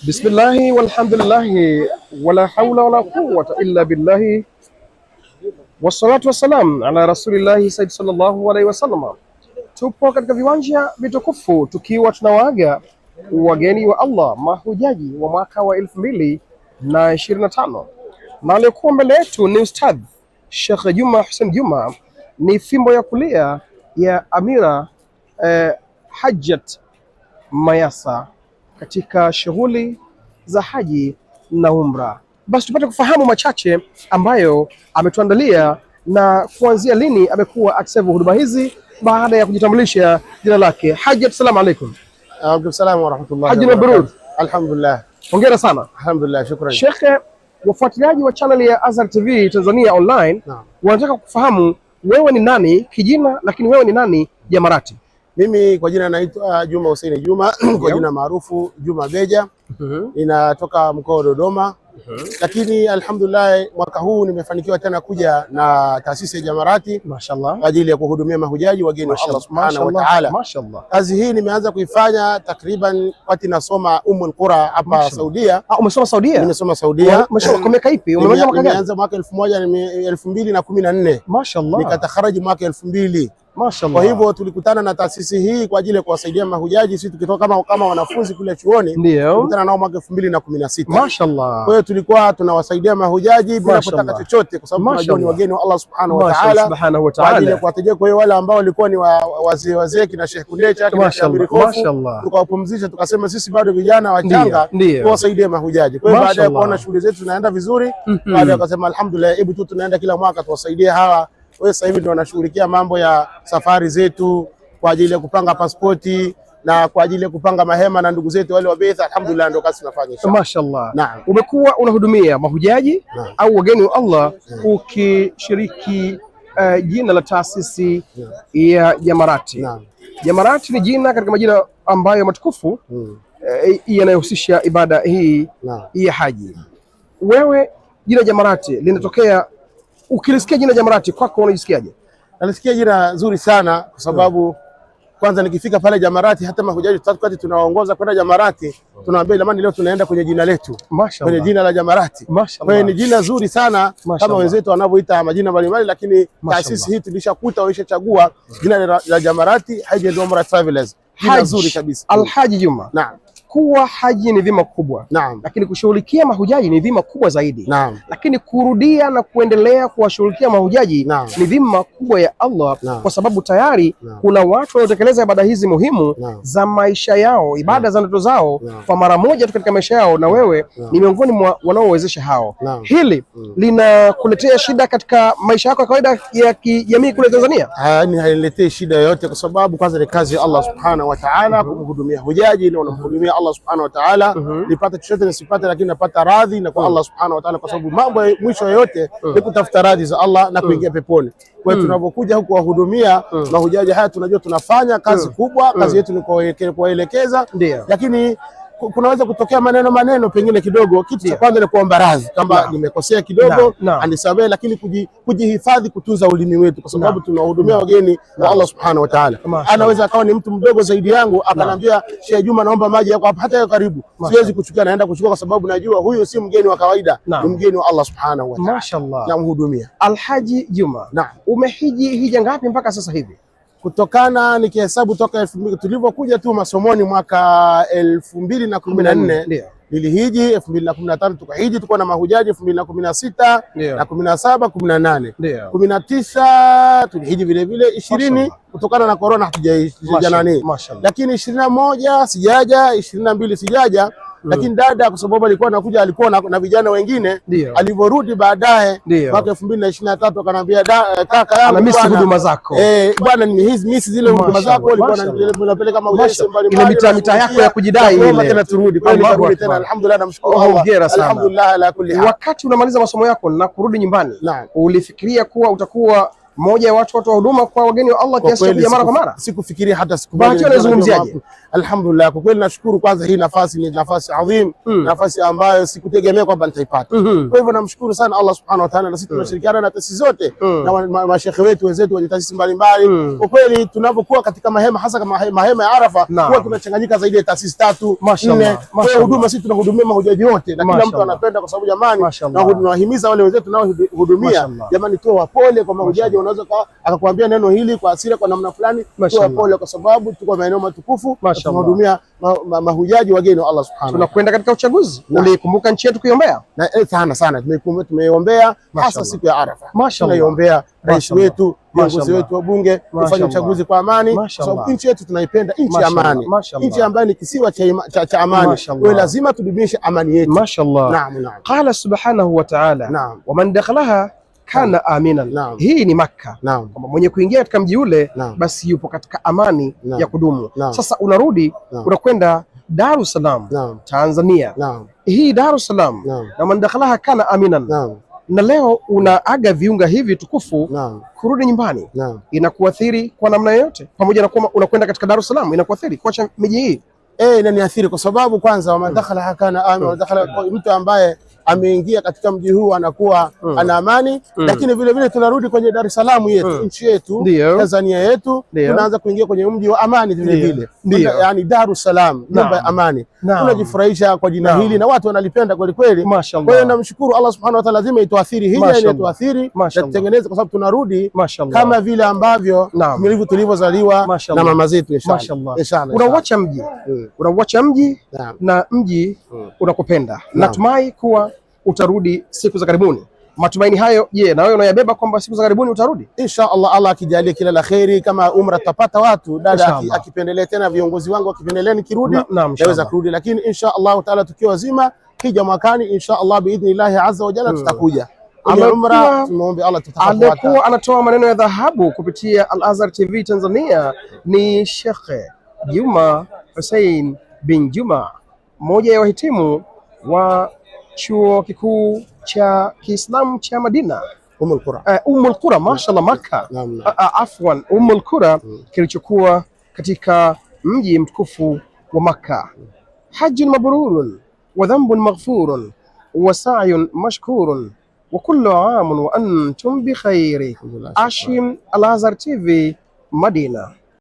Bismillahi walhamdulillahi wala haula wala quwwata illa billahi wassalatu wassalam ala rasulillahi sayyid sallallahu alaihi wasallam. Tupo katika viwanja vitukufu tukiwa tunawaaga wageni wa Allah mahujaji wa mwaka wa elfu mbili na ishirini na tano na aliyokuwa mbele yetu ni Ustadh Sheikh Juma Hussein Juma, ni fimbo ya kulia ya Amira eh, Hajat Mayasa katika shughuli za haji na umra. Basi tupate kufahamu machache ambayo ametuandalia na kuanzia lini amekuwa akisevu huduma hizi baada ya kujitambulisha jina lake. Haji, assalamu alaykum. Alaikum salaam wa rahmatullahi. Haji mabrur. Alhamdulillah. Hongera sana. Alhamdulillah, shukrani. Sheikh, wafuatiliaji wa channel ya Azhar TV Tanzania online wanataka kufahamu wewe ni nani kijina, lakini wewe ni nani jamarati? Mimi kwa jina naitwa uh, Juma Hussein Juma kwa jina maarufu Juma Beja. Mhm. Ninatoka mkoa wa Dodoma. Mhm. Lakini alhamdulillah mwaka huu nimefanikiwa tena kuja na taasisi ya Jamarati mashallah, kwa ajili ya kuhudumia mahujaji wageni wa Allah subhanahu wa ta'ala. Kazi hii nimeanza kuifanya takriban wakati nasoma Ummul Qura hapa Saudia. Ah, umesoma Saudia? Nimesoma Saudia. Mashallah, kwa miaka ipi? Umemaliza mwaka gani? Nimeanza mwaka 2014. Mashallah. Nikatakharaji mwaka 2000. Mashallah. Kwa hivyo tulikutana na taasisi hii kwa ajili ya kuwasaidia mahujaji sisi tukitoka kama, kama wanafunzi kule chuoni tulikutana nao mwaka 2016. Na Mashallah. Kwa hiyo tulikuwa tunawasaidia mahujaji bila kutaka chochote kwa sababu tunajua ni wageni wa Allah Subhanahu wa Ta'ala. Kwa ajili ya kuwatetea kwa hiyo wale ambao walikuwa ni wazee wazee kina Sheikh Kundecha kina Shabiri Mashallah. tukawapumzisha tukasema sisi bado vijana wachanga tuwasaidie mahujaji. Kwa hiyo baada ya kuona shughuli zetu zinaenda vizuri mm-hmm. baada ya kusema alhamdulillah hebu tu tunaenda kila mwaka tuwasaidie hawa wewe sasa hivi ndio unashughulikia mambo ya safari zetu kwa ajili ya kupanga pasipoti na kwa ajili ya kupanga mahema na ndugu zetu wale wa Beitha. Alhamdulillah, ndio kazi tunafanya mashaallah. Naam, umekuwa unahudumia mahujaji na au wageni wa Allah ukishiriki uh, jina la taasisi ya Jamarati. Jamarati ni jina katika majina ambayo matukufu hmm. E, yanayohusisha ibada hii ya haji. Wewe jina Jamarati linatokea Ukilisikia jina Jamarati kwako unajisikiaje? Nalisikia jina zuri sana kwa sababu kwanza nikifika pale Jamarati, hata mahujaji tatu kati tunaongoza kwenda Jamarati, tunawaambia jamani, leo tunaenda kwenye jina letu, kwenye jina la Jamarati. Kwa hiyo ni jina zuri sana kama wenzetu wanavyoita majina mbalimbali, lakini taasisi hii tulishakuta, waishachagua jina la Jamarati Haji Umrah Travelers, jina zuri kabisa. Alhaji Juma, naam kuwa haji ni dhima kubwa naam, lakini kushughulikia mahujaji ni dhima kubwa zaidi naam, lakini kurudia na kuendelea kuwashughulikia mahujaji naam, ni dhima kubwa ya Allah naam, kwa sababu tayari naam, kuna watu wanaotekeleza ibada hizi muhimu naam, za maisha yao ibada naam, za ndoto zao naam, kwa mara moja tu katika maisha yao, na wewe naam, ni miongoni mwa wanaowezesha hao naam. Hili mm. linakuletea shida katika maisha yako ya kawaida ya kijamii kule Tanzania? Hailetei shida yoyote, kwa sababu kwanza ni kazi ya Allah subhanahu wa ta'ala mhm. kumhudumia hujaji na unamhudumia Allah subhanahu wa ta'ala mhm. nipate chochote nisipate, lakini napata radhi na kwa mhm. Allah subhanahu wa ta'ala, kwa sababu mambo ya mwisho yote mhm. ni kutafuta radhi za Allah na kuingia peponi. Kwa hiyo tunapokuja huku kuwahudumia mahujaji haya tunajua tunafanya kazi kubwa, kazi yetu ni kuwaelekeza, lakini kunaweza kutokea maneno maneno pengine kidogo. Kitu cha kwanza ni kuomba radhi kama nimekosea kidogo, anisamehe, lakini kujihifadhi, kutunza ulimi wetu, kwa sababu tunahudumia wageni na Allah subhanahu wa ta'ala. Anaweza akawa ni mtu mdogo zaidi yangu akanambia, Sheikh Juma, naomba maji yako hapa, hata yako karibu, siwezi kuchukua, naenda kuchukua kwa sababu najua huyu si mgeni wa kawaida, ni mgeni wa Allah subhanahu wa ta'ala. Mashaallah, namhudumia. Alhaji Juma, umehiji hija ngapi mpaka sasa hivi? kutokana nikihesabu toka tulivyokuja tu masomoni mwaka elfu mbili na kumi na nne lilihiji elfu mbili na kumi na tano tukahiji, tukuwa na mahujaji elfu mbili na kumi na sita na kumi na saba kumi na nane kumi na tisa tulihiji vilevile, ishirini kutokana na korona hatujajanani, lakini ishirini na moja sijaja, ishirini na mbili sijaja lakini mm. dada kwa sababu alikuwa anakuja, alikuwa na na vijana wengine. Alivyorudi baadaye mwaka elfu mbili na ishirini na tatu akaniambia eh, kaka yangu, huduma zako eh bwana, mimi zile huduma zako ulikuwa unapeleka kama ujasi mbalimbali, ile mita mita yako ya kujidai ile, tena turudi kwa hiyo tena. Alhamdulillah, namshukuru Allah, hongera sana, alhamdulillah ala kulli Wakati unamaliza masomo yako na kurudi nyumbani, ulifikiria kuwa utakuwa mmoja ya watu watu wa huduma kwa wageni wa Allah kiasi cha kuja mara kwa mara. Sikufikiria hata siku moja. Bahati anazungumziaje? Alhamdulillah, kwa kweli nashukuru kwanza, hii nafasi ni nafasi adhim, hmm. nafasi ambayo sikutegemea kwamba nitaipata. Hmm. Kwa hivyo namshukuru sana Allah subhanahu wa ta'ala, na sisi hmm. tunashirikiana na taasisi zote na mashehe wetu wenzetu wenye taasisi mbalimbali. Kwa kweli tunapokuwa katika mahema, hasa kama mahema ya Arafa, huwa tunachanganyika zaidi ya taasisi tatu nne. Kwa hiyo huduma sisi tunahudumia mahujaji wote, na kila mtu anapenda, kwa sababu jamani, na tunawahimiza wale wenzetu nao hudumia, jamani, tuwe wapole kwa mahujaji unaweza kwa akakwambia neno hili kwa asira kwa namna fulani, tuwe pole, kwa sababu tuko maeneo matukufu, tunahudumia mahujaji wageni wa Allah subhanahu. Tunakwenda katika uchaguzi, ulikumbuka nchi yetu kuiombea na eh, sana sana, tumeiombea hasa siku ya Arafa, tunaiombea rais wetu, viongozi wetu wa bunge, kufanya uchaguzi kwa amani, kwa sababu nchi yetu tunaipenda, nchi ya amani, nchi ambayo ni kisiwa cha cha, amani. Wewe lazima tudumishe amani yetu. Mashallah. naam. naam. Qala subhanahu wa ta'ala, Naam. Wa man dakhalaha kana amina. Naam. Hii ni Makka, kwamba mwenye kuingia katika mji ule basi yupo katika amani Naam. ya kudumu Naam. Sasa unarudi unakwenda Dar es Salaam Tanzania Naam. hii Dar es Salaam na man dakhalaha kana aminan Naam. na leo unaaga viunga hivi tukufu Naam. kurudi nyumbani Naam. inakuathiri kwa namna yoyote, pamoja na kuwa unakwenda katika Dar es Salaam inakuathiri kuacha miji hii? Eh, inaniathiri kwa sababu kwanza man hmm. dakhalaha kana aminan, hmm. mtu ambaye ameingia katika mji huu anakuwa mm. ana amani mm. Lakini vilevile tunarudi kwenye Dar es Salaam yetu mm. nchi yetu Tanzania yetu Tunaanza kuingia kwenye mji wa amani vile yani Dar es Salaam nyumba ya amani. Tunajifurahisha kwa jina hili na watu wanalipenda kweli kweli. Kwa hiyo namshukuru Allah subhanahu wa ta'ala, lazima ituathiri hija, ituathiri na tutengeneze, kwa sababu tunarudi kama vile ambavyo tulivyozaliwa na mama zetu. Inshallah unauacha mji unauacha mji na mji mm. unakupenda, natumai kuwa utarudi siku za karibuni. Matumaini hayo je, yeah, na wewe unayabeba kwamba siku za karibuni utarudi insha Allah, Allah akijalia kila la kheri. Kama umra tutapata watu dada akipendelea, tena viongozi wangu akipendelea, nikirudi naweza kurudi, lakini insha Allah taala tukiwa wazima, hija mwakani insha Allah biidhnillahi azza wa jalla hmm. tutakuja. Umra Allah Alikuwa anatoa maneno ya dhahabu kupitia Al Azhar TV Tanzania ni Sheikh Juma Hussein bin Juma, mmoja ya wahitimu wa chuo kikuu cha Kiislamu cha Madina Ummul Qura, uh, Ummul Qura mashallah, Makka ah, ah, afwan, Ummul Qura hmm. kilichokuwa katika mji mtukufu wa Makka. Hajjun mabrurun wa dhanbun maghfurun wa sa'yun mashkurun wa kullu amun wa antum bi khairi. Ashim Al Azhar TV Madina.